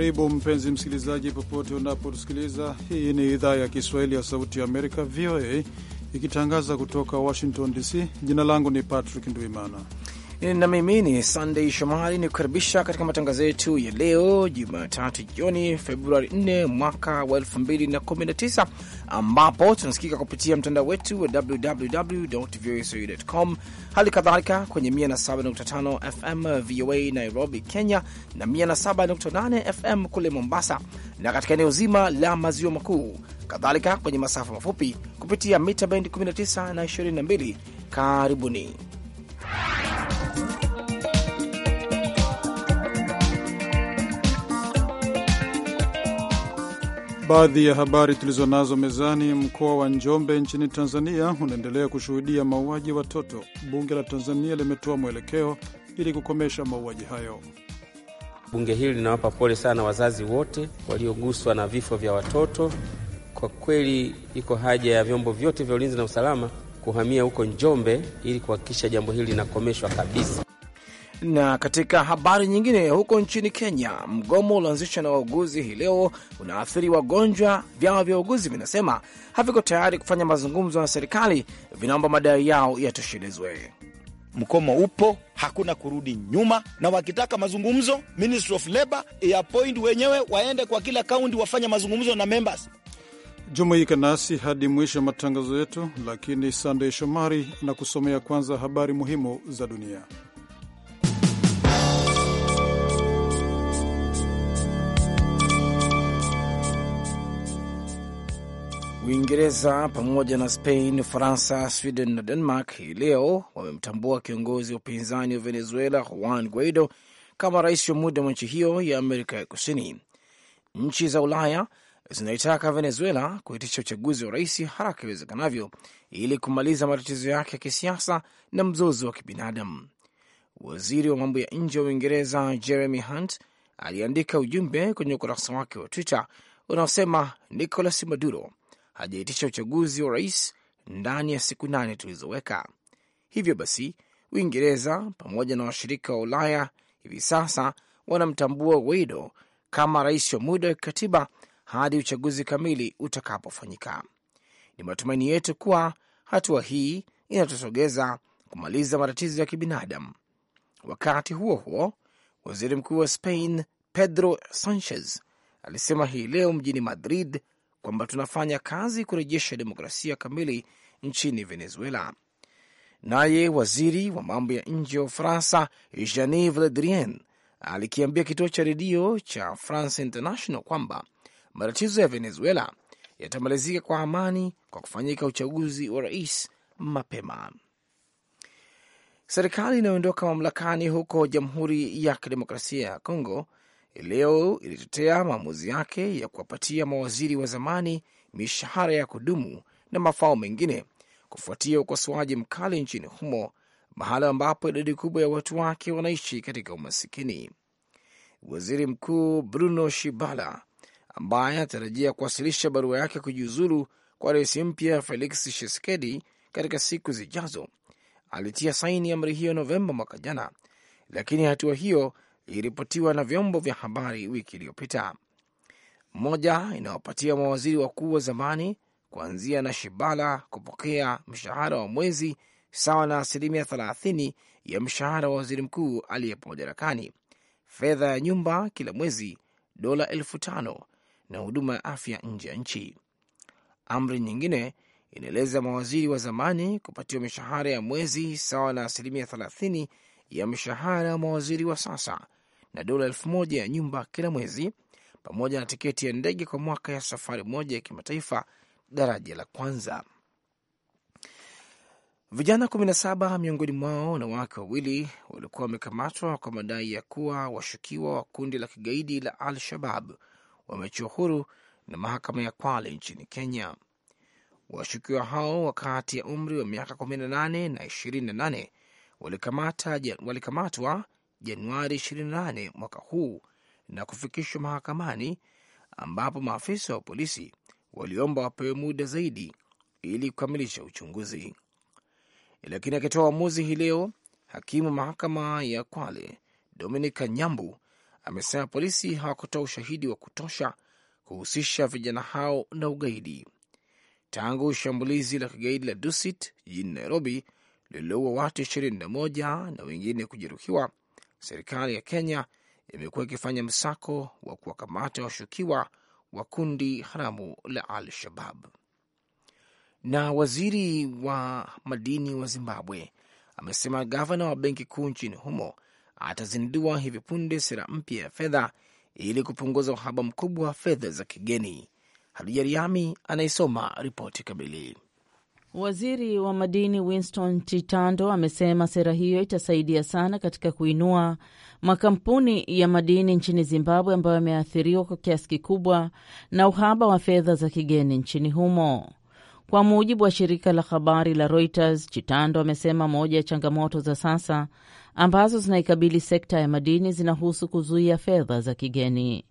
Karibu mpenzi msikilizaji, popote unapotusikiliza. Hii ni idhaa ya Kiswahili ya Sauti ya Amerika, VOA, ikitangaza kutoka Washington DC. Jina langu ni Patrick Ndwimana na mimi ni Sunday Shomari ni kukaribisha katika matangazo yetu ya leo Jumatatu jioni Februari 4 mwaka wa 2019 ambapo tunasikika kupitia mtandao wetu wa www voaswahili com, hali kadhalika kwenye 107.5 FM VOA Nairobi, Kenya na 107.8 FM kule Mombasa na katika eneo zima la maziwa makuu, kadhalika kwenye masafa mafupi kupitia mita bendi 19 na 22. Karibuni. Baadhi ya habari tulizonazo mezani: mkoa wa Njombe nchini Tanzania unaendelea kushuhudia mauaji ya watoto. Bunge la Tanzania limetoa mwelekeo ili kukomesha mauaji hayo. Bunge hili linawapa pole sana wazazi wote walioguswa na vifo vya watoto. Kwa kweli, iko haja ya vyombo vyote vya ulinzi na usalama kuhamia huko Njombe ili kuhakikisha jambo hili linakomeshwa kabisa. Na katika habari nyingine, huko nchini Kenya, mgomo ulioanzishwa na wauguzi hii leo unaathiri wagonjwa. Vyama vya wauguzi vinasema haviko tayari kufanya mazungumzo na serikali, vinaomba madai yao yatoshelezwe. Mkomo upo, hakuna kurudi nyuma, na wakitaka mazungumzo, Ministry of yapoint wenyewe, waende kwa kila kaunti wafanye mazungumzo na members. Jumuika nasi hadi mwisho ya matangazo yetu, lakini Sandey Shomari anakusomea kwanza habari muhimu za dunia. Uingereza pamoja na Spain, Faransa, Sweden na Denmark hii leo wamemtambua kiongozi wa upinzani wa Venezuela Juan Guaido kama rais wa muda wa nchi hiyo ya Amerika ya Kusini. Nchi za Ulaya zinaitaka Venezuela kuitisha uchaguzi wa rais haraka iwezekanavyo ili kumaliza matatizo yake ya kisiasa na mzozo wa kibinadamu. Waziri wa mambo ya nje wa Uingereza Jeremy Hunt aliandika ujumbe kwenye ukurasa wake wa Twitter unaosema Nicolas Maduro hajaitisha uchaguzi wa rais ndani ya siku nane tulizoweka. Hivyo basi, Uingereza pamoja na washirika wa Ulaya hivi sasa wanamtambua Guaido kama rais wa muda wa kikatiba hadi uchaguzi kamili utakapofanyika. Ni matumaini yetu kuwa hatua hii inatusogeza kumaliza matatizo ya kibinadamu. Wakati huo huo, waziri mkuu wa Spain Pedro Sanchez alisema hii leo mjini Madrid kwamba tunafanya kazi kurejesha demokrasia kamili nchini Venezuela. Naye waziri wa mambo ya nje wa Ufaransa Jean-Yves Le Drian alikiambia kituo cha redio cha France International kwamba matatizo ya Venezuela yatamalizika kwa amani kwa kufanyika uchaguzi wa rais mapema. Serikali inayoondoka mamlakani huko Jamhuri ya Kidemokrasia ya congo leo ilitetea maamuzi yake ya kuwapatia mawaziri wa zamani mishahara ya kudumu na mafao mengine kufuatia ukosoaji mkali nchini humo, mahala ambapo idadi kubwa ya watu wake wanaishi katika umasikini. Waziri Mkuu Bruno Shibala ambaye anatarajia kuwasilisha barua yake kujiuzulu kwa rais mpya Felix Tshisekedi katika siku zijazo alitia saini amri hiyo Novemba mwaka jana, lakini hatua hiyo iliripotiwa na vyombo vya habari wiki iliyopita. moja inawapatia mawaziri wakuu wa zamani kuanzia na Shibala kupokea mshahara wa mwezi sawa na asilimia thelathini ya mshahara wa waziri mkuu aliyepo madarakani, fedha ya nyumba kila mwezi dola elfu tano na huduma ya afya nje ya nchi. Amri nyingine inaeleza mawaziri wa zamani kupatiwa mishahara ya mwezi sawa na asilimia thelathini ya mshahara wa mawaziri wa sasa na dola elfu moja ya nyumba kila mwezi pamoja na tiketi ya ndege kwa mwaka ya safari moja ya kimataifa daraja la kwanza. Vijana 17 miongoni mwao wanawake wawili walikuwa wamekamatwa kwa madai ya kuwa washukiwa wa kundi la kigaidi la Al Shabab wameachiwa huru na mahakama ya Kwale nchini Kenya. Washukiwa hao wakati ya umri wa miaka 18 na nane walikamatwa Januari 28 mwaka huu na kufikishwa mahakamani ambapo maafisa wa polisi waliomba wapewe muda zaidi ili kukamilisha uchunguzi. Lakini akitoa uamuzi hii leo, hakimu mahakama ya Kwale dominika Nyambu amesema polisi hawakutoa ushahidi wa kutosha kuhusisha vijana hao na ugaidi. Tangu shambulizi la kigaidi la Dusit jijini Nairobi lililoua watu ishirini na wengine kujeruhiwa, serikali ya Kenya imekuwa ikifanya msako wa kuwakamata washukiwa wa kundi haramu la Al Shabab. Na waziri wa madini wa Zimbabwe amesema gavana wa benki kuu nchini humo atazindua hivi punde sera mpya ya fedha ili kupunguza uhaba mkubwa wa fedha za kigeni. Hadija Riami ripoti kamili. Waziri wa madini Winston Chitando amesema sera hiyo itasaidia sana katika kuinua makampuni ya madini nchini Zimbabwe ambayo yameathiriwa kwa kiasi kikubwa na uhaba wa fedha za kigeni nchini humo. Kwa mujibu wa shirika la habari la Reuters, Chitando amesema moja ya changamoto za sasa ambazo zinaikabili sekta ya madini zinahusu kuzuia fedha za kigeni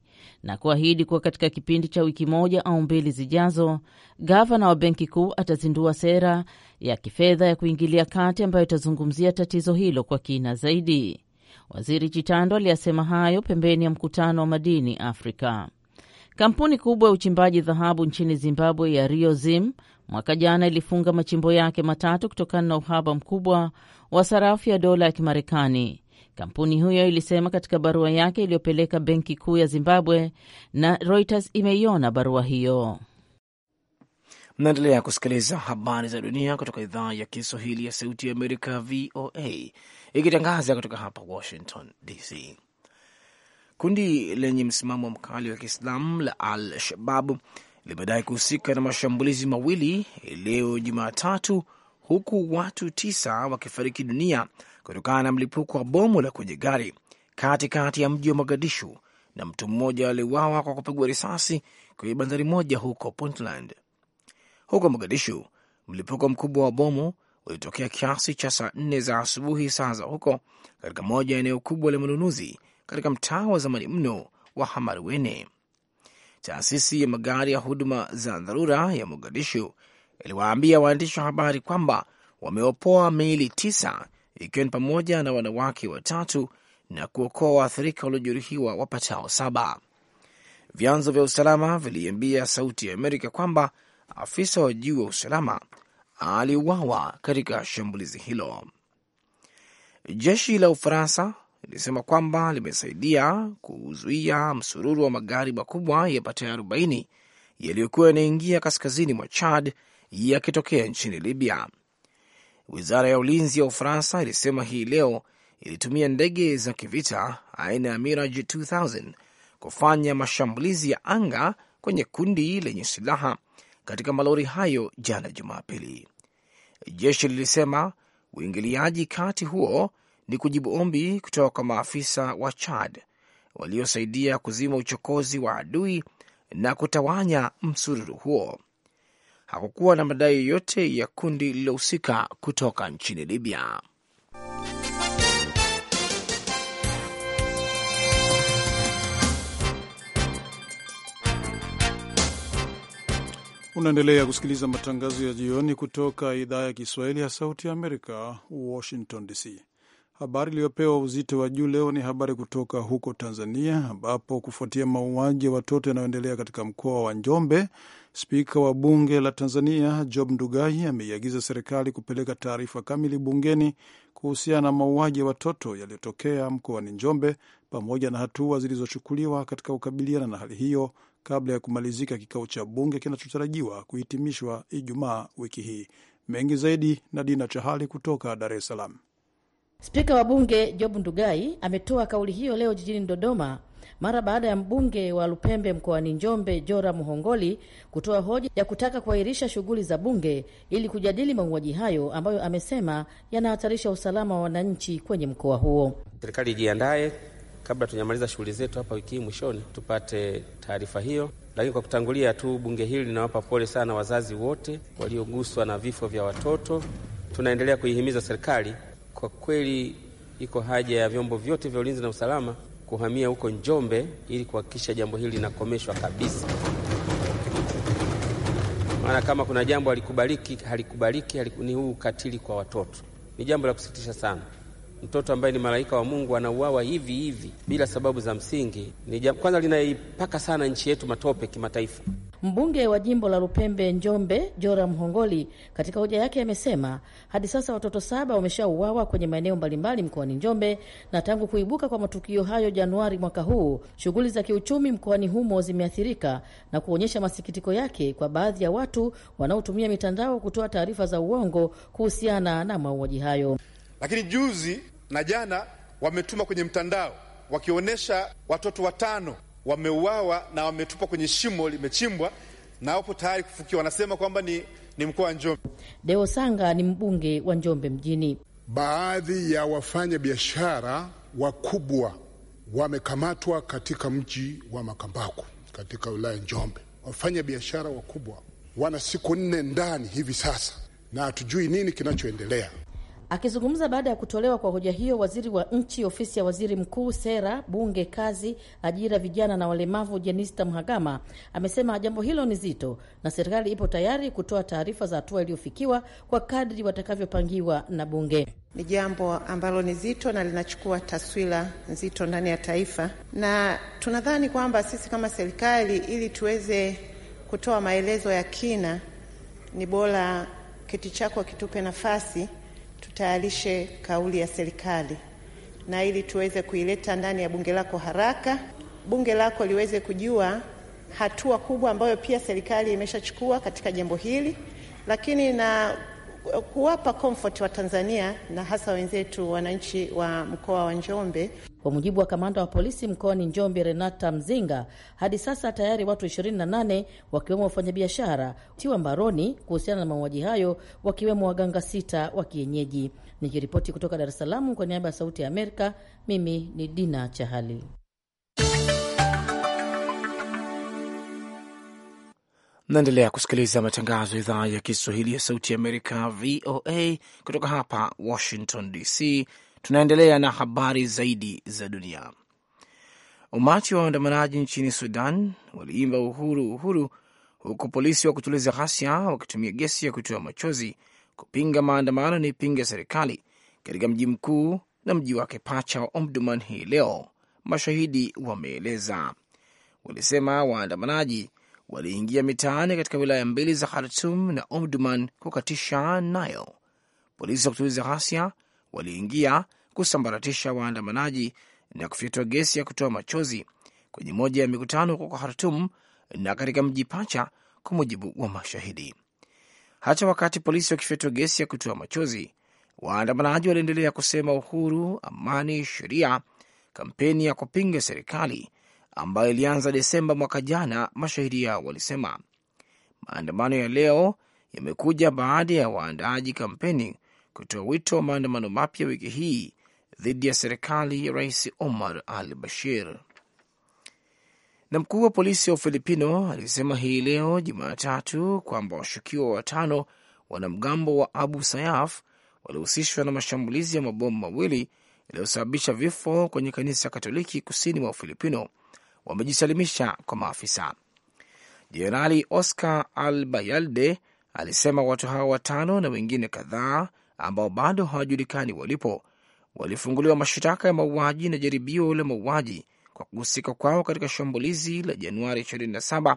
na kuahidi kuwa katika kipindi cha wiki moja au mbili zijazo, gavana wa benki kuu atazindua sera ya kifedha ya kuingilia kati ambayo itazungumzia tatizo hilo kwa kina zaidi. Waziri Chitando aliyasema hayo pembeni ya mkutano wa madini Afrika. Kampuni kubwa ya uchimbaji dhahabu nchini Zimbabwe ya Rio Zim mwaka jana ilifunga machimbo yake matatu kutokana na uhaba mkubwa wa sarafu ya dola ya Kimarekani, Kampuni hiyo ilisema katika barua yake iliyopeleka benki kuu ya Zimbabwe, na Reuters imeiona barua hiyo. Mnaendelea kusikiliza habari za dunia kutoka idhaa ya Kiswahili ya Sauti ya Amerika, VOA, ikitangaza kutoka hapa Washington DC. Kundi lenye msimamo mkali wa Kiislamu la Al Shababu limedai kuhusika na mashambulizi mawili leo Jumatatu, huku watu tisa wakifariki dunia kutokana na mlipuko wa bomu la kwenye gari katikati ya mji wa Mogadishu, na mtu mmoja aliuawa kwa kupigwa risasi kwenye bandari moja huko Puntland. Huko Mogadishu, mlipuko mkubwa wa bomu ulitokea kiasi cha saa nne za asubuhi saa za huko, katika moja ya eneo kubwa la manunuzi katika mtaa wa zamani mno wa Hamarwene. Taasisi ya magari ya huduma za dharura ya Mogadishu iliwaambia waandishi wa habari kwamba wameopoa miili tisa ikiwa ni pamoja na wanawake watatu na kuokoa waathirika waliojeruhiwa wapatao saba. Vyanzo vya usalama viliambia Sauti ya Amerika kwamba afisa wa juu wa usalama aliuawa katika shambulizi hilo. Jeshi la Ufaransa lilisema kwamba limesaidia kuzuia msururu wa magari makubwa yapatayo 40 yaliyokuwa yanaingia kaskazini mwa Chad yakitokea nchini Libya. Wizara ya ulinzi ya Ufaransa ilisema hii leo ilitumia ndege za kivita aina ya Mirage 2000 kufanya mashambulizi ya anga kwenye kundi lenye silaha katika malori hayo jana Jumapili. Jeshi lilisema uingiliaji kati huo ni kujibu ombi kutoka kwa maafisa wa Chad waliosaidia kuzima uchokozi wa adui na kutawanya msururu huo hakukuwa na madai yoyote ya kundi lililohusika kutoka nchini Libya. Unaendelea kusikiliza matangazo ya jioni kutoka idhaa ya Kiswahili ya Sauti ya Amerika, Washington DC. Habari iliyopewa uzito wa juu leo ni habari kutoka huko Tanzania, ambapo kufuatia mauaji ya watoto yanayoendelea katika mkoa wa Njombe, spika wa bunge la Tanzania Job Ndugai ameiagiza serikali kupeleka taarifa kamili bungeni kuhusiana na mauaji ya watoto yaliyotokea mkoani Njombe pamoja na hatua zilizochukuliwa katika kukabiliana na hali hiyo kabla ya kumalizika kikao cha bunge kinachotarajiwa kuhitimishwa Ijumaa wiki hii. Mengi zaidi na Dina Chahali kutoka Dar es Salaam. Spika wa Bunge Job Ndugai ametoa kauli hiyo leo jijini Dodoma mara baada ya mbunge wa Lupembe mkoani Njombe Jora Muhongoli kutoa hoja ya kutaka kuahirisha shughuli za bunge ili kujadili mauaji hayo ambayo amesema yanahatarisha usalama wa wananchi kwenye mkoa huo. Serikali ijiandaye kabla tunyamaliza shughuli zetu hapa wiki hii mwishoni, tupate taarifa hiyo. Lakini kwa kutangulia tu, bunge hili linawapa pole sana wazazi wote walioguswa na vifo vya watoto. Tunaendelea kuihimiza serikali kwa kweli iko haja ya vyombo vyote vya ulinzi na usalama kuhamia huko Njombe ili kuhakikisha jambo hili linakomeshwa kabisa, maana kama kuna jambo halikubaliki halikubaliki ni huu ukatili kwa watoto. Ni jambo la kusikitisha sana. Mtoto ambaye ni malaika wa Mungu anauawa hivi hivi bila sababu za msingi. Ni jambo kwanza linaipaka sana nchi yetu matope kimataifa. Mbunge wa jimbo la Lupembe Njombe, Joram Hongoli, katika hoja yake amesema ya hadi sasa watoto saba wameshauawa kwenye maeneo mbalimbali mkoani Njombe, na tangu kuibuka kwa matukio hayo Januari mwaka huu, shughuli za kiuchumi mkoani humo zimeathirika na kuonyesha masikitiko yake kwa baadhi ya watu wanaotumia mitandao kutoa taarifa za uongo kuhusiana na mauaji hayo. Lakini juzi na jana wametuma kwenye mtandao wakionyesha watoto watano wameuawa na wametupwa kwenye shimo limechimbwa na wapo tayari kufukiwa. Wanasema kwamba ni, ni mkoa wa Njombe. Deo Sanga ni mbunge wa Njombe Mjini. Baadhi ya wafanya biashara wakubwa wamekamatwa katika mji wa Makambako katika wilaya Njombe. Wafanya biashara wakubwa wana siku nne ndani hivi sasa, na hatujui nini kinachoendelea. Akizungumza baada ya kutolewa kwa hoja hiyo, waziri wa nchi ofisi ya waziri mkuu, sera, bunge, kazi, ajira, vijana na walemavu, Jenista Mhagama amesema jambo hilo ni zito na serikali ipo tayari kutoa taarifa za hatua iliyofikiwa kwa kadri watakavyopangiwa na bunge. Ni jambo ambalo ni zito na linachukua taswira nzito ndani ya taifa, na tunadhani kwamba sisi kama serikali, ili tuweze kutoa maelezo ya kina, ni bora kiti chako kitupe nafasi tutayarishe kauli ya serikali na ili tuweze kuileta ndani ya bunge lako haraka, bunge lako liweze kujua hatua kubwa ambayo pia serikali imeshachukua katika jambo hili, lakini na kuwapa comfort wa Tanzania na hasa wenzetu wananchi wa mkoa wa Njombe kwa mujibu wa kamanda wa polisi mkoani Njombe, Renata Mzinga, hadi sasa tayari watu 28 wakiwemo wafanyabiashara tiwa mbaroni kuhusiana na mauaji hayo, wakiwemo waganga sita wa kienyeji. Nikiripoti kutoka Dar es Salaam kwa niaba ya Sauti ya Amerika, mimi ni Dina Chahali. Naendelea kusikiliza matangazo ya idhaa ya Kiswahili ya Sauti ya Amerika, VOA, kutoka hapa Washington DC. Tunaendelea na habari zaidi za dunia. Umati wa waandamanaji nchini Sudan waliimba uhuru uhuru, huku polisi wa kutuliza ghasia wakitumia gesi ya kutoa machozi kupinga maandamano ya serikali katika mji mkuu na mji wake pacha wa Omdurman hii leo. Mashahidi wameeleza walisema waandamanaji waliingia mitaani katika wilaya mbili za Khartum na Omdurman kukatisha nayo. Polisi wa kutuliza ghasia waliingia kusambaratisha waandamanaji na kufyatua gesi ya kutoa machozi kwenye moja ya mikutano huko Khartum na katika mji pacha, kwa mujibu wa mashahidi. Hata wakati polisi wakifyatua gesi ya kutoa machozi, waandamanaji waliendelea kusema uhuru, amani, sheria, kampeni ya kupinga serikali ambayo ilianza Desemba mwaka jana, mashahidi yao walisema. Maandamano ya leo yamekuja baada ya waandaaji kampeni kutoa wito wa maandamano mapya wiki hii dhidi ya serikali ya Rais Omar al Bashir. Na mkuu wa polisi wa Ufilipino alisema hii leo Jumatatu kwamba washukiwa watano wanamgambo wa Abu sayaf walihusishwa na mashambulizi ya mabomu mawili yaliyosababisha vifo kwenye kanisa Katoliki kusini mwa Ufilipino wamejisalimisha kwa maafisa. Jenerali Oscar Albayalde alisema watu hao watano na wengine kadhaa ambao bado hawajulikani walipo walifunguliwa mashtaka ya mauaji na jaribio la mauaji kwa kuhusika kwao katika shambulizi la Januari 27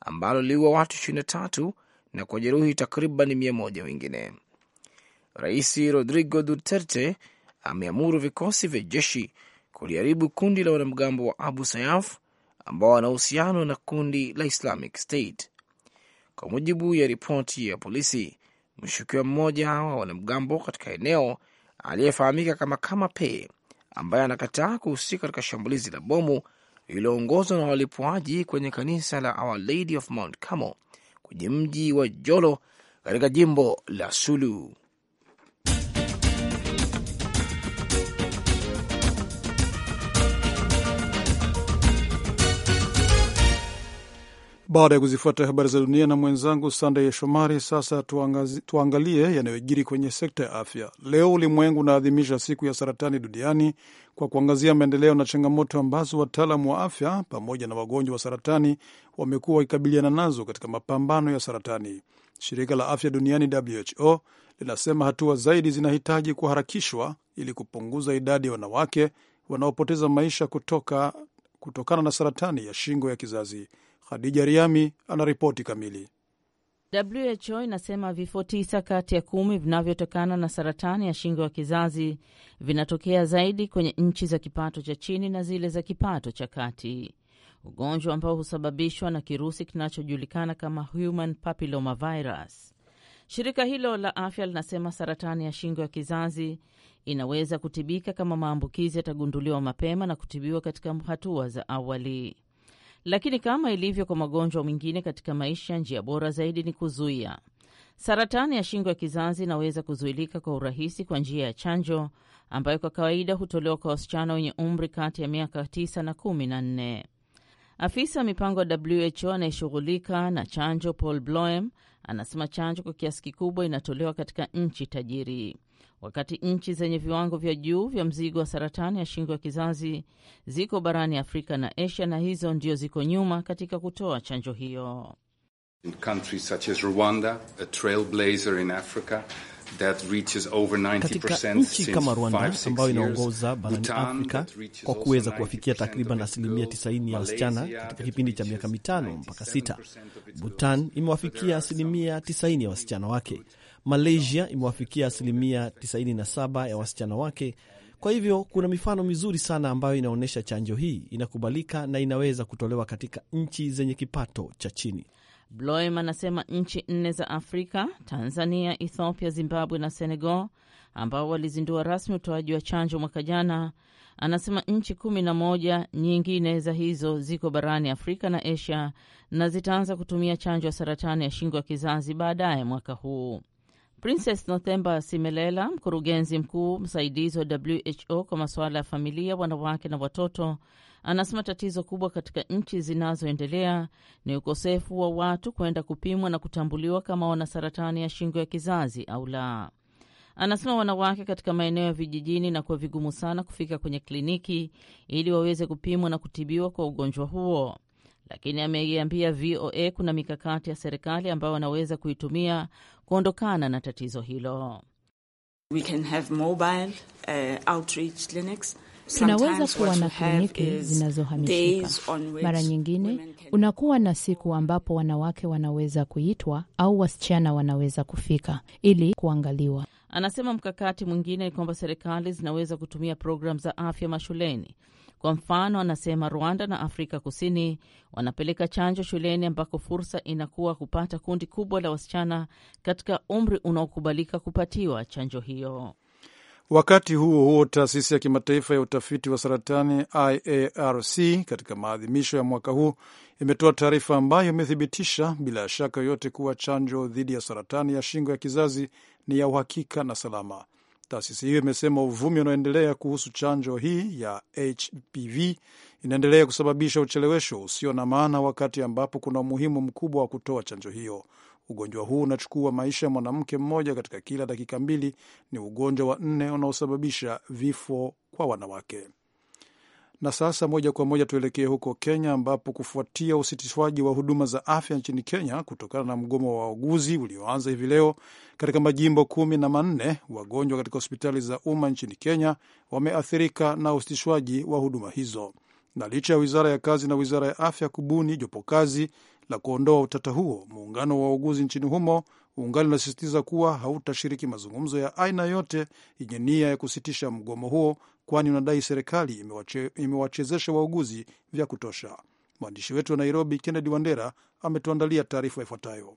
ambalo liliua watu 23 na kujeruhi takriban mia wengine. Rais Rodrigo Duterte ameamuru vikosi vya jeshi kuliharibu kundi la wanamgambo wa Abu sayaf ambao wana uhusiano na kundi la Islamic State. Kwa mujibu ya ripoti ya polisi, mshukiwa mmoja wa wanamgambo katika eneo aliyefahamika kama Kamape, ambaye anakataa kuhusika katika shambulizi la bomu lililoongozwa na walipuaji kwenye kanisa la Our Lady of Mount Carmel kwenye mji wa Jolo katika jimbo la Sulu. Baada ya kuzifuata habari za dunia na mwenzangu Sandey ya Shomari, sasa tuangazi, tuangalie yanayojiri kwenye sekta ya afya. Leo ulimwengu unaadhimisha siku ya saratani duniani kwa kuangazia maendeleo na changamoto ambazo wataalamu wa afya pamoja na wagonjwa wa saratani wamekuwa wakikabiliana nazo katika mapambano ya saratani. Shirika la afya duniani WHO linasema hatua zaidi zinahitaji kuharakishwa ili kupunguza idadi ya wanawake wanaopoteza maisha kutoka, kutokana na saratani ya shingo ya kizazi. Khadija Riami anaripoti kamili. WHO inasema vifo tisa kati ya kumi vinavyotokana na saratani ya shingo ya kizazi vinatokea zaidi kwenye nchi za kipato cha chini na zile za kipato cha kati, ugonjwa ambao husababishwa na kirusi kinachojulikana kama human papilloma virus. Shirika hilo la afya linasema saratani ya shingo ya kizazi inaweza kutibika kama maambukizi yatagunduliwa mapema na kutibiwa katika hatua za awali. Lakini kama ilivyo kwa magonjwa mengine katika maisha, njia bora zaidi ni kuzuia. Saratani ya shingo ya kizazi inaweza kuzuilika kwa urahisi kwa njia ya chanjo ambayo kwa kawaida hutolewa kwa wasichana wenye umri kati ya miaka 9 na 14. Afisa wa mipango ya WHO anayeshughulika na chanjo Paul Bloem anasema chanjo kwa kiasi kikubwa inatolewa katika nchi tajiri. Wakati nchi zenye viwango vya juu vya mzigo wa saratani ya shingo ya kizazi ziko barani Afrika na Asia, na hizo ndio ziko nyuma katika kutoa chanjo hiyo. In countries such as Rwanda, a trailblazer in Africa that reaches over 90% katika nchi kama Rwanda ambayo inaongoza barani Afrika kwa kuweza kuwafikia takriban asilimia 90 ya wasichana katika kipindi cha miaka mitano mpaka sita. Bhutan imewafikia asilimia 90 ya wasichana wake Malaysia imewafikia asilimia 97 ya wasichana wake. Kwa hivyo kuna mifano mizuri sana ambayo inaonyesha chanjo hii inakubalika na inaweza kutolewa katika nchi zenye kipato cha chini. Bloem anasema nchi nne za Afrika, Tanzania, Ethiopia, Zimbabwe na Senegal, ambao walizindua rasmi utoaji wa chanjo mwaka jana. Anasema nchi kumi na moja nyingine za hizo ziko barani Afrika na Asia na zitaanza kutumia chanjo ya saratani ya shingo ya kizazi baadaye mwaka huu. Princess Nothemba Simelela, mkurugenzi mkuu msaidizi wa WHO kwa masuala ya familia, wanawake na watoto, anasema tatizo kubwa katika nchi zinazoendelea ni ukosefu wa watu kwenda kupimwa na kutambuliwa kama wana saratani ya shingo ya kizazi au la. Anasema wanawake katika maeneo ya vijijini na kuwa vigumu sana kufika kwenye kliniki ili waweze kupimwa na kutibiwa kwa ugonjwa huo, lakini ameiambia VOA kuna mikakati ya serikali ambayo wanaweza kuitumia kuondokana na tatizo hilo. We can have mobile, uh, outreach clinics. Tunaweza kuwa na kliniki zinazohamishika. Mara nyingine unakuwa na siku ambapo wanawake wanaweza kuitwa au wasichana wanaweza kufika ili kuangaliwa. Anasema mkakati mwingine ni kwamba serikali zinaweza kutumia programu za afya mashuleni kwa mfano, anasema Rwanda na Afrika Kusini wanapeleka chanjo shuleni ambako fursa inakuwa kupata kundi kubwa la wasichana katika umri unaokubalika kupatiwa chanjo hiyo. Wakati huo huo, taasisi ya kimataifa ya utafiti wa saratani IARC katika maadhimisho ya mwaka huu imetoa taarifa ambayo imethibitisha bila shaka yoyote kuwa chanjo dhidi ya saratani ya shingo ya kizazi ni ya uhakika na salama. Taasisi hiyo imesema uvumi unaoendelea kuhusu chanjo hii ya HPV inaendelea kusababisha uchelewesho usio na maana, wakati ambapo kuna umuhimu mkubwa wa kutoa chanjo hiyo. Ugonjwa huu unachukua maisha ya mwanamke mmoja katika kila dakika mbili. Ni ugonjwa wa nne unaosababisha vifo kwa wanawake. Na sasa moja kwa moja tuelekee huko Kenya, ambapo kufuatia usitishwaji wa huduma za afya nchini Kenya kutokana na mgomo wa wauguzi ulioanza hivi leo katika majimbo kumi na manne, wagonjwa katika hospitali za umma nchini Kenya wameathirika na usitishwaji wa huduma hizo. Na licha ya wizara ya kazi na wizara ya afya kubuni jopo kazi la kuondoa utata huo, muungano wa wauguzi nchini humo ungali unasisitiza kuwa hautashiriki mazungumzo ya aina yote yenye nia ya kusitisha mgomo huo, kwani unadai serikali imewachezesha wauguzi vya kutosha. Mwandishi wetu wa Nairobi, Kennedy Wandera, ametuandalia taarifa ifuatayo.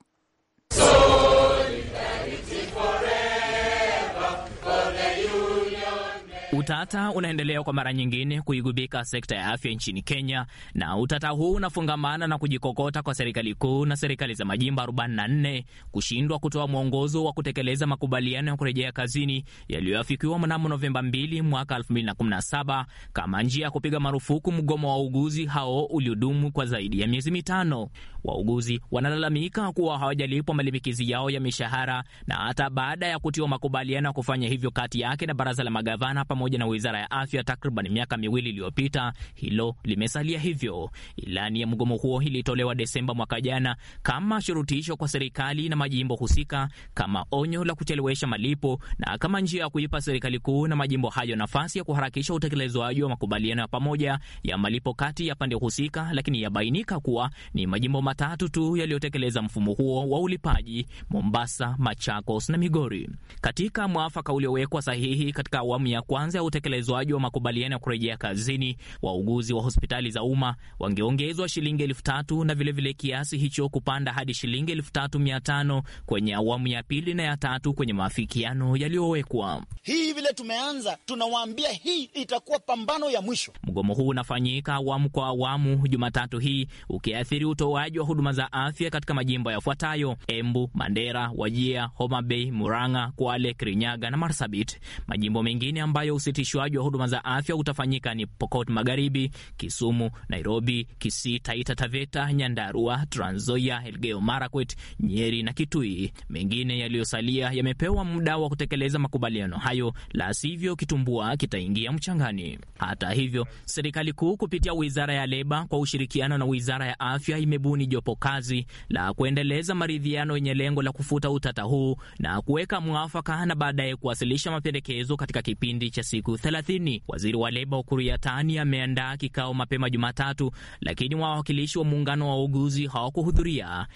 Utata unaendelea kwa mara nyingine kuigubika sekta ya afya nchini Kenya, na utata huu unafungamana na kujikokota kwa serikali kuu na serikali za majimbo 44 kushindwa kutoa mwongozo wa kutekeleza makubaliano ya kurejea kazini yaliyoafikiwa mnamo Novemba 2 mwaka 2017 kama njia ya kupiga marufuku mgomo wa wauguzi hao uliodumu kwa zaidi ya miezi mitano. Wauguzi wanalalamika kuwa hawajalipwa malimbikizi yao ya mishahara na hata baada ya kutiwa makubaliano ya kufanya hivyo kati yake na baraza la magavana pamoja na wizara ya afya takriban miaka miwili iliyopita, hilo limesalia hivyo. Ilani ya mgomo huo ilitolewa Desemba mwaka jana kama shurutisho kwa serikali na majimbo husika, kama onyo la kuchelewesha malipo na kama njia ya kuipa serikali kuu na majimbo hayo nafasi ya kuharakisha utekelezwaji wa makubaliano ya pamoja ya malipo kati ya pande husika, lakini yabainika kuwa ni majimbo matatu tu yaliyotekeleza mfumo huo wa ulipaji: Mombasa, Machakos na Migori. Katika mwafaka uliowekwa sahihi katika awamu ya kwanza ya utekelezwaji wa makubaliano ya kurejea kazini, wauguzi wa hospitali za umma wangeongezwa shilingi elfu tatu na vilevile vile kiasi hicho kupanda hadi shilingi elfu tatu mia tano kwenye awamu ya pili na ya tatu kwenye maafikiano yaliyowekwa. Hii vile tumeanza tunawaambia, hii itakuwa pambano ya mwisho. Mgomo huu unafanyika awamu kwa awamu, Jumatatu hii ukiathiri utoaji wa huduma za afya katika majimbo yafuatayo: Embu, Mandera, Wajia, Homa Bay, Murang'a, Kwale, Kirinyaga na Marsabit, majimbo mengine ambayo usitishwaji wa huduma za afya utafanyika ni Pokot Magharibi, Kisumu, Nairobi, Kisii, Taita Taveta, Nyandarua, Trans Nzoia, Elgeyo Marakwet, Nyeri na Kitui. Mengine yaliyosalia yamepewa muda wa kutekeleza makubaliano hayo, la sivyo kitumbua kitaingia mchangani. Hata hivyo, serikali kuu kupitia wizara ya leba kwa ushirikiano na wizara ya afya imebuni jopo kazi la kuendeleza maridhiano yenye lengo la kufuta utata huu na kuweka mwafaka na baadaye kuwasilisha mapendekezo katika kipindi cha siku 30. Waziri wa leba Ukur Yatani ameandaa kikao mapema Jumatatu, lakini wawakilishi wa muungano wa uguzi hawakuhudhuria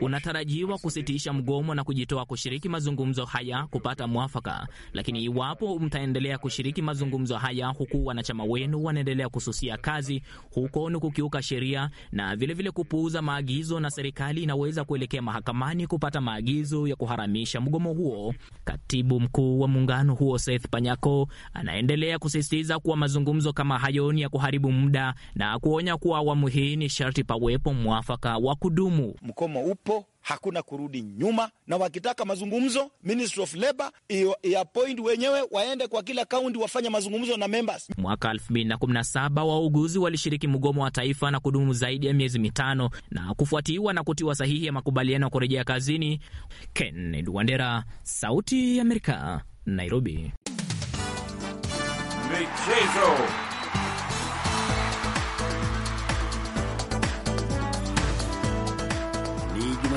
unatarajiwa kusitisha mgomo na kujitoa kushiriki mazungumzo haya kupata mwafaka, lakini iwapo mtaendelea kushiriki mazungumzo haya huku wanachama wenu wanaendelea kususia kazi, huko ni kukiuka sheria na vilevile kupuuza maagizo, na serikali inaweza kuelekea mahakamani kupata maagizo ya kuharamisha mgomo huo. Katibu mkuu wa muungano huo Seth Panyako anaendelea kusisitiza kuwa mazungumzo kama hayo ni ya kuharibu muda na kuonya kuwa awamu hii ni sharti pawepo mwafaka wa kudumu ukomo upo, hakuna kurudi nyuma. Na wakitaka mazungumzo, Ministry of Labor iapoint wenyewe, waende kwa kila kaunti wafanye mazungumzo na members. Mwaka 2017 wauguzi walishiriki mgomo wa taifa na kudumu zaidi ya miezi mitano na kufuatiwa na kutiwa sahihi ya makubaliano ya kurejea kazini. Kennedy Wandera, Sauti ya Amerika, Nairobi. Michezo.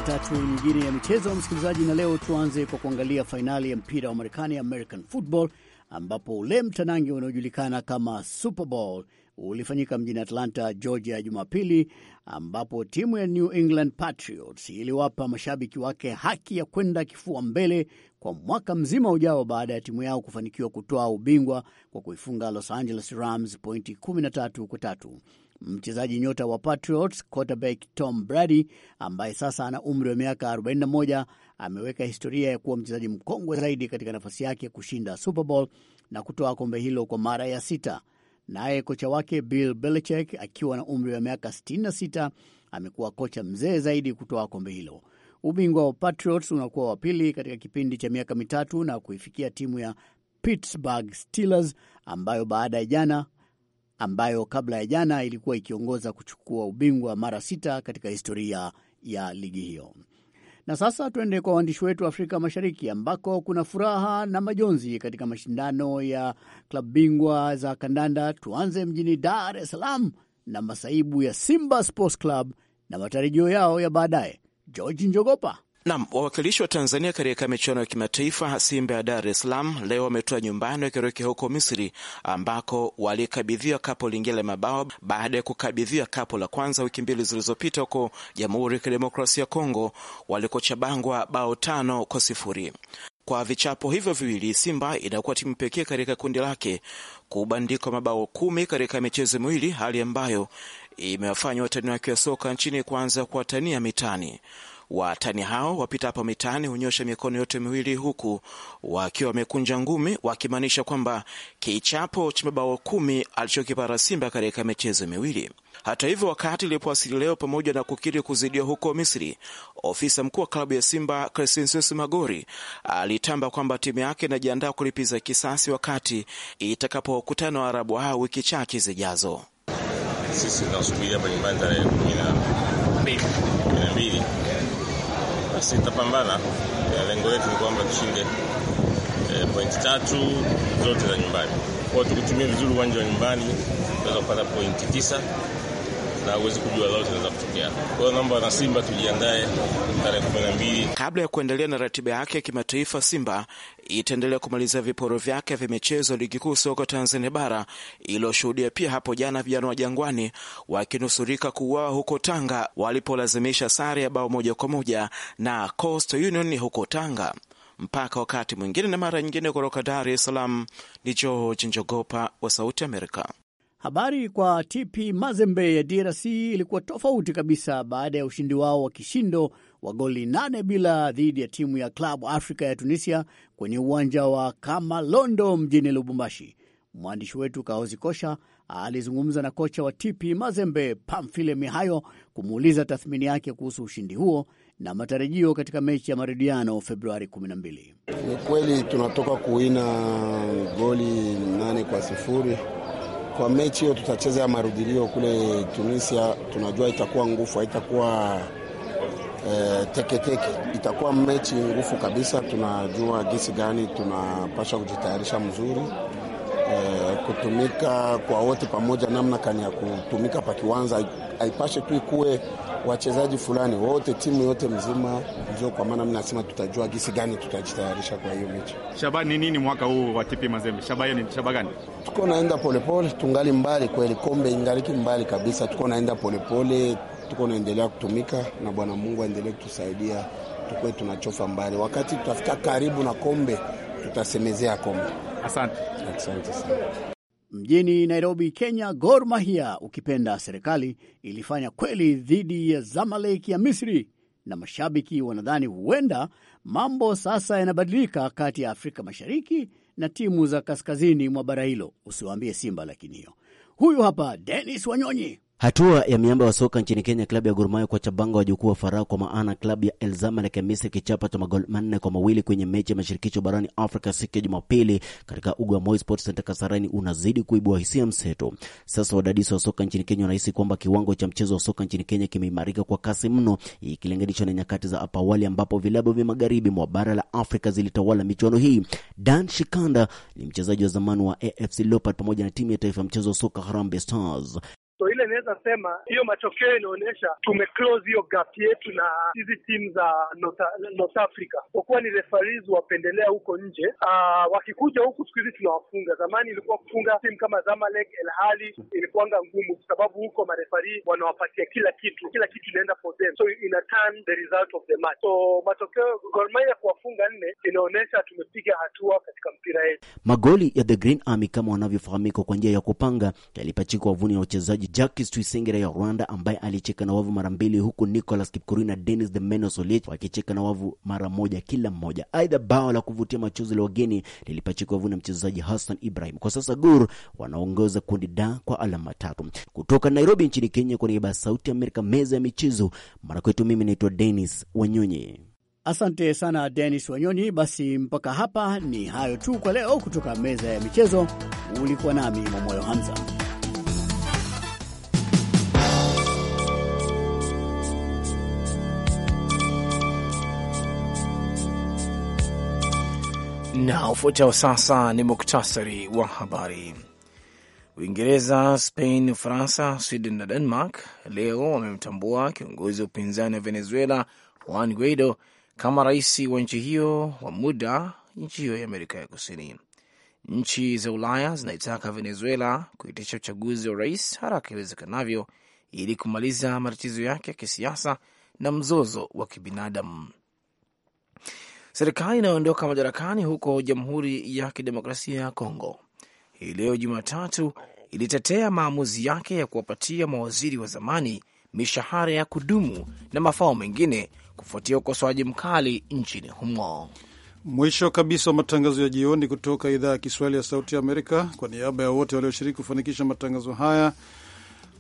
tatu nyingine ya michezo, msikilizaji, na leo tuanze kwa kuangalia fainali ya mpira wa Marekani, American Football, ambapo ule mtanange unaojulikana kama Super Bowl ulifanyika mjini Atlanta, Georgia, Jumapili, ambapo timu ya New England Patriots iliwapa mashabiki wake haki ya kwenda kifua mbele kwa mwaka mzima ujao baada ya timu yao kufanikiwa kutoa ubingwa kwa kuifunga Los Angeles Rams pointi 13 kwa tatu mchezaji nyota wa Patriots quarterback Tom Brady ambaye sasa ana umri wa miaka 41 ameweka historia ya kuwa mchezaji mkongwe zaidi katika nafasi yake kushinda Super Bowl na kutoa kombe hilo kwa mara ya sita. Naye kocha wake Bill Belichick akiwa na umri wa miaka 66 amekuwa kocha mzee zaidi kutoa kombe hilo. Ubingwa wa Patriots unakuwa wa pili katika kipindi cha miaka mitatu na kuifikia timu ya Pittsburgh Steelers ambayo baada ya jana ambayo kabla ya jana ilikuwa ikiongoza kuchukua ubingwa mara sita katika historia ya ligi hiyo. Na sasa tuende kwa waandishi wetu wa Afrika Mashariki ambako kuna furaha na majonzi katika mashindano ya klabu bingwa za kandanda. Tuanze mjini Dar es Salaam na masaibu ya Simba Sports Club na matarajio yao ya baadaye. George Njogopa Nam, wawakilishi wa Tanzania katika michuano ya kimataifa Simba ya Dar es Salaam leo wametoa nyumbani wakirokea huko Misri ambako walikabidhiwa kapo lingine la mabao baada ya kukabidhiwa kapo la kwanza wiki mbili zilizopita huko Jamhuri ya Kidemokrasia ya Kongo walikochabangwa bao tano kwa sifuri. Kwa vichapo hivyo viwili, Simba inakuwa timu pekee katika kundi lake kubandikwa mabao kumi katika michezo miwili, hali ambayo imewafanya watani wake wa soka nchini kuanza kuwatania mitani. Watani hao wapita hapo mitaani hunyosha mikono yote miwili huku wakiwa wamekunja ngumi, wakimaanisha kwamba kichapo cha mabao kumi alichokipata Simba katika michezo miwili. Hata hivyo, wakati ilipowasili leo, pamoja na kukiri kuzidiwa huko Misri, ofisa mkuu wa klabu ya Simba Crescensius Magori alitamba kwamba timu yake inajiandaa kulipiza kisasi wakati itakapokutana Waarabu hao wiki chache zijazo. Sisi tunasubiria kwenye nyumbani tarehe kumi na mbili sisi tutapambana. Lengo letu ni kwamba tushinde e, eh, pointi tatu zote za nyumbani. Kwa hiyo tukitumia vizuri uwanja wa nyumbani tunaweza kupata pointi tisa na huwezi kujua lao zinaweza kutokea. Kwa hiyo naomba na Simba tujiandae tarehe kumi na mbili. Kabla ya kuendelea na ratiba yake ya kimataifa, Simba itaendelea kumaliza viporo vyake vya michezo ligi kuu soka Tanzania bara iliyoshuhudia pia hapo jana vijana wa Jangwani wakinusurika kuuawa huko Tanga walipolazimisha sare ya bao moja kwa moja na Coastal Union huko Tanga. Mpaka wakati mwingine na mara nyingine, kutoka Dar es Salaam ni George Njogopa wa Sauti Amerika. Habari kwa TP Mazembe ya DRC ilikuwa tofauti kabisa baada ya ushindi wao wa kishindo wa goli nane bila dhidi ya timu ya Klabu Africa ya Tunisia kwenye uwanja wa Kamalondo mjini Lubumbashi. Mwandishi wetu Kaozi Kosha alizungumza na kocha wa TP Mazembe Pamfile Mihayo kumuuliza tathmini yake kuhusu ushindi huo na matarajio katika mechi ya marudiano Februari 12. Ni kweli tunatoka kuwina goli nane kwa sifuri kwa mechi hiyo tutacheza ya marudilio kule Tunisia, tunajua itakuwa ngufu haitakuwa eh, teketeke, itakuwa mechi ngufu kabisa. Tunajua jinsi gani tunapaswa kujitayarisha mzuri e, kutumika kwa wote pamoja, namna kani ya kutumika pakiwanza, haipashe tu ikuwe wachezaji fulani wote, timu yote mzima, ndio kwa maana mnasema tutajua gisi gani tutajitayarisha kwa hiyo mechi. Shabani ni nini mwaka huu wa TP Mazembe? Shabani shaba gani? Tuko naenda polepole, tungali mbali kweli, kombe ingaliki mbali kabisa. Tuko naenda polepole, tuko naendelea kutumika na Bwana Mungu aendelee kutusaidia, tukuwe tunachofa mbali. Wakati tutafika karibu na kombe, tutasemezea kombe. Asante, asante sana. Mjini Nairobi, Kenya, Gor Mahia ukipenda serikali ilifanya kweli dhidi ya Zamalek ya Misri, na mashabiki wanadhani huenda mambo sasa yanabadilika kati ya Afrika Mashariki na timu za kaskazini mwa bara hilo. Usiwaambie Simba, lakini hiyo. Huyu hapa denis Wanyonyi. Hatua ya miamba wa soka nchini Kenya, klabu ya Gor Mahia kwa chabanga wajukuu wa Farao kwa maana klabu ya El Zamalek ya Misri kichapa cha magoli manne kwa mawili kwenye mechi ya mashirikisho barani Afrika siku ya Jumapili katika uga wa Moi Sports Center Kasarani unazidi kuibua hisia mseto. Sasa wadadisi wa soka nchini Kenya wanahisi kwamba kiwango cha mchezo wa soka nchini Kenya kimeimarika kwa kasi mno ikilinganishwa na nyakati za hapo awali ambapo vilabu vya magharibi mwa bara la Afrika zilitawala michuano hii. Dan Shikanda ni mchezaji wa zamani wa AFC Leopards pamoja na timu ya taifa mchezo wa soka Harambee Stars vile inaweza sema hiyo matokeo inaonyesha tumeclose hiyo gap yetu na hizi timu za North, North Africa kwa kuwa ni referees wapendelea huko nje. Uh, wakikuja huku siku hizi tunawafunga. Zamani ilikuwa kufunga timu kama Zamalek, El Ahly ilikuwanga ngumu, kwa sababu huko marefari wanawapatia kila kitu, kila kitu inaenda for them, so ina turn the result of the match. So matokeo Gor Mahia kuwafunga nne inaonyesha tumepiga hatua katika mpira yetu. Magoli ya The Green Army kama wanavyofahamika kwa njia ya kupanga yalipachikwa wavuni ya wachezaji Jack Sakis Twisengera ya Rwanda ambaye alicheka na wavu mara mbili, huku Nicolas Kipkurui na Dennis the Meno Solic wakicheka na wavu mara moja kila mmoja. Aidha, bao la kuvutia machozi la wageni lilipachikwa wavu na mchezaji Hassan Ibrahim. Kwa sasa Gor wanaongoza kundi da kwa alama tatu. Kutoka Nairobi nchini Kenya, kwa niaba ya Sauti ya Amerika, meza ya michezo kwetu, mimi naitwa Dennis Wanyonyi. Asante sana Denis Wanyonyi. Basi mpaka hapa ni hayo tu kwa leo, kutoka meza ya michezo. Ulikuwa nami Mwamoyo Hamza. Na ufuatao sasa ni muktasari wa habari. Uingereza, Spain, Ufaransa, Sweden na Denmark leo wamemtambua kiongozi wa upinzani wa Venezuela Juan Guaido kama rais wa nchi hiyo wa muda, nchi hiyo ya Amerika ya Kusini. Nchi za Ulaya zinaitaka Venezuela kuitisha uchaguzi wa rais haraka iwezekanavyo ili kumaliza matatizo yake ya kisiasa na mzozo wa kibinadamu serikali inayoondoka madarakani huko Jamhuri ya Kidemokrasia ya Kongo hii leo Jumatatu ilitetea maamuzi yake ya kuwapatia mawaziri wa zamani mishahara ya kudumu na mafao mengine kufuatia ukosoaji mkali nchini humo. Mwisho kabisa wa matangazo ya jioni kutoka idhaa ya Kiswahili ya Sauti ya Amerika. Kwa niaba ya wote walioshiriki kufanikisha matangazo haya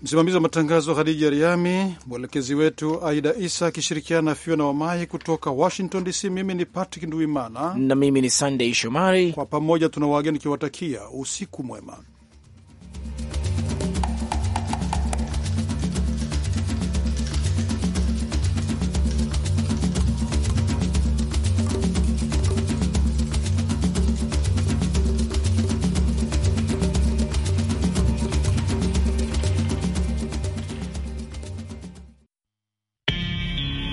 Msimamizi wa matangazo Hadija Riami, mwelekezi wetu Aida Isa akishirikiana na Fiona Wamai kutoka Washington DC. Mimi ni Patrick Nduimana na mimi ni Sandey Shomari, kwa pamoja tuna wageni kiwatakia usiku mwema.